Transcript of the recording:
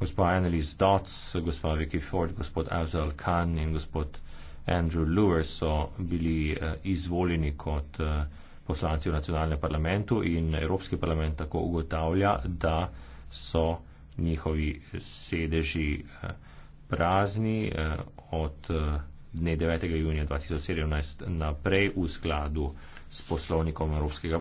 gospa Annelies Dotz, gospa Vicky Ford, gospod Azal Khan in gospod Andrew Lewis so bili eh, izvoljeni kot eh, poslanci v nacionalnem parlamentu in Evropski parlament tako ugotavlja, da so njihovi sedeži eh, prazni od dne 9. junija 2017 naprej v skladu s poslovnikom Evropskega